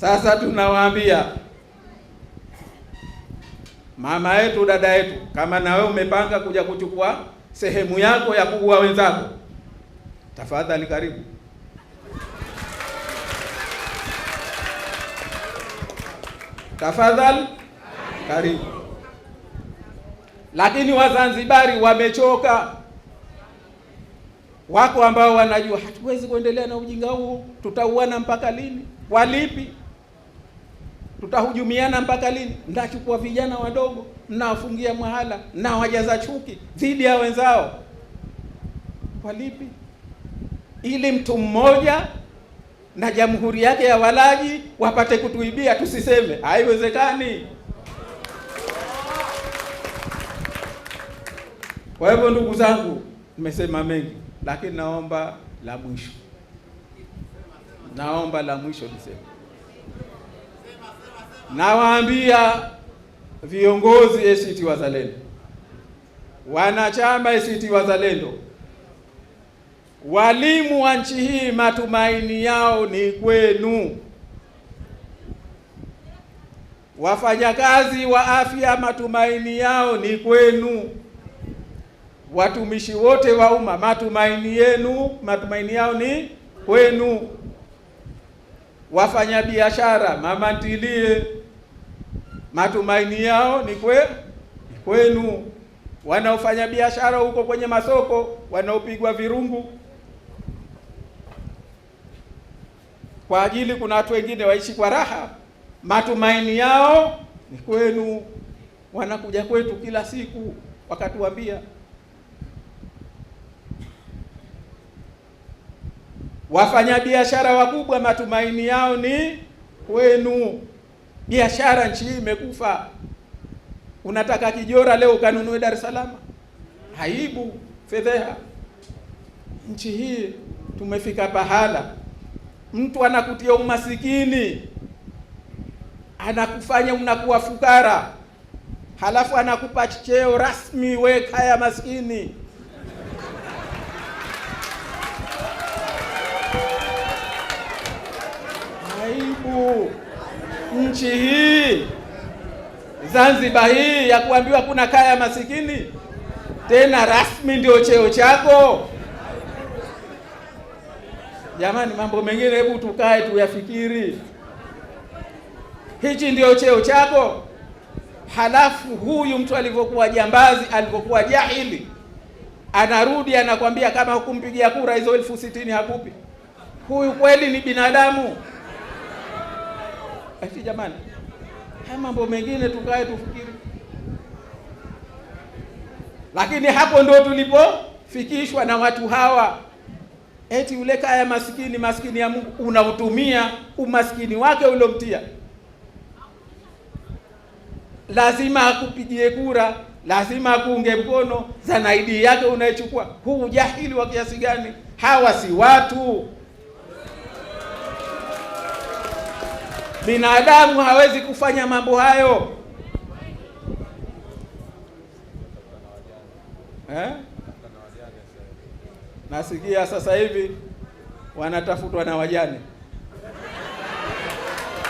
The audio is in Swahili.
Sasa tunawaambia mama yetu, dada yetu, kama na wewe umepanga kuja kuchukua sehemu yako ya kuua wenzako, tafadhali karibu. Tafadhali karibu. Lakini Wazanzibari wamechoka, wako ambao wanajua hatuwezi kuendelea na ujinga huu, tutauana mpaka lini? Walipi? Tutahujumiana mpaka lini? ndachukua vijana wadogo, mnawafungia mahala na wajaza chuki dhidi ya wenzao kwa lipi? Ili mtu mmoja na jamhuri yake ya walaji wapate kutuibia, tusiseme haiwezekani. Kwa hivyo, ndugu zangu, nimesema mengi, lakini naomba la mwisho, naomba la mwisho niseme nawaambia viongozi ACT Wazalendo, wanachama ACT Wazalendo, walimu wa nchi hii, matumaini yao ni kwenu. Wafanyakazi wa afya, matumaini yao ni kwenu. Watumishi wote wa umma, matumaini yenu, matumaini yao ni kwenu wafanyabiashara, mama ntilie, matumaini yao ni kwe ni kwenu. Wanaofanya biashara huko kwenye masoko, wanaopigwa virungu kwa ajili, kuna watu wengine waishi kwa raha, matumaini yao ni kwenu. Wanakuja kwetu kila siku wakatuambia Wafanyabiashara wakubwa matumaini yao ni kwenu. Biashara nchi hii imekufa. Unataka kijora leo ukanunue Dar es Salaam? Aibu, fedheha. Nchi hii tumefika pahala mtu anakutia umasikini, anakufanya unakuwa fukara, halafu anakupa cheo rasmi, we kaya maskini. nchi hii Zanzibar hii ya kuambiwa kuna kaya masikini tena rasmi ndio cheo chako? Jamani, mambo mengine hebu tukae tuyafikiri. Hichi ndio cheo chako? Halafu huyu mtu alivyokuwa jambazi, alivyokuwa jahili, anarudi anakwambia kama hukumpigia kura hizo elfu sitini hakupi. Huyu kweli ni binadamu? Ati eh, jamani, haya mambo mengine tukae tufikiri. Lakini hapo ndo tulipofikishwa na watu hawa, eti ule kaya maskini, maskini ya Mungu unautumia umaskini wake uliomtia lazima akupigie kura, lazima akuunge mkono, zanaidi yake unaichukua. Huu ujahili wa kiasi gani! Hawa si watu. Binadamu hawezi kufanya mambo hayo eh? Nasikia sasa hivi wanatafutwa na wajane.